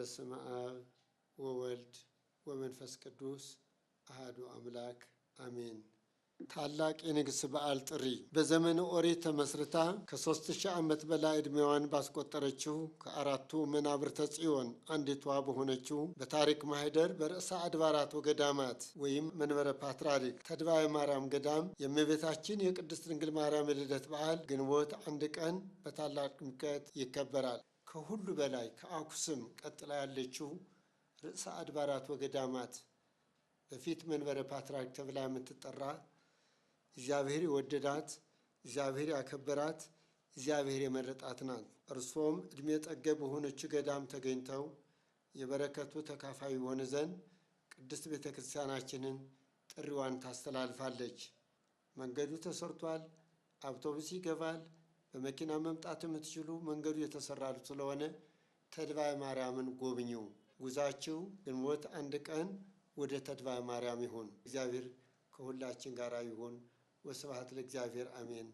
በስመ አብ ወወልድ ወመንፈስ ቅዱስ አህዱ አምላክ አሜን። ታላቅ የንግሥ በዓል ጥሪ በዘመነ ኦሪት ተመስርታ ከሦስት ሺህ ዓመት በላይ ዕድሜዋን ባስቆጠረችው ከአራቱ መናብርተ ጽዮን አንዲቷ በሆነችው በታሪክ ማህደር በርዕሰ አድባራት ወገዳማት ወይም መንበረ ፓትርያርክ ተድባበ ማርያም ገዳም የእመቤታችን የቅድስት ድንግል ማርያም የልደት በዓል ግንቦት አንድ ቀን በታላቅ ድምቀት ይከበራል። ከሁሉ በላይ ከአኩስም ቀጥላ ያለችው ርዕሰ አድባራት ወገዳማት በፊት መንበረ ፓትርያርክ ተብላ የምትጠራ እግዚአብሔር የወደዳት እግዚአብሔር ያከበራት እግዚአብሔር የመረጣት ናት። እርሶም ዕድሜ ጠገብ በሆነች ገዳም ተገኝተው የበረከቱ ተካፋይ የሆነ ዘንድ ቅድስት ቤተ ክርስቲያናችንን ጥሪዋን ታስተላልፋለች። መንገዱ ተሰርቷል። አውቶቡስ ይገባል። በመኪና መምጣት የምትችሉ መንገዱ የተሰራ ስለሆነ ተድባይ ማርያምን ጎብኙ። ጉዛችሁ ግንቦት አንድ ቀን ወደ ተድባይ ማርያም ይሁን። እግዚአብሔር ከሁላችን ጋር ይሁን። ወስብሐት ለእግዚአብሔር አሜን።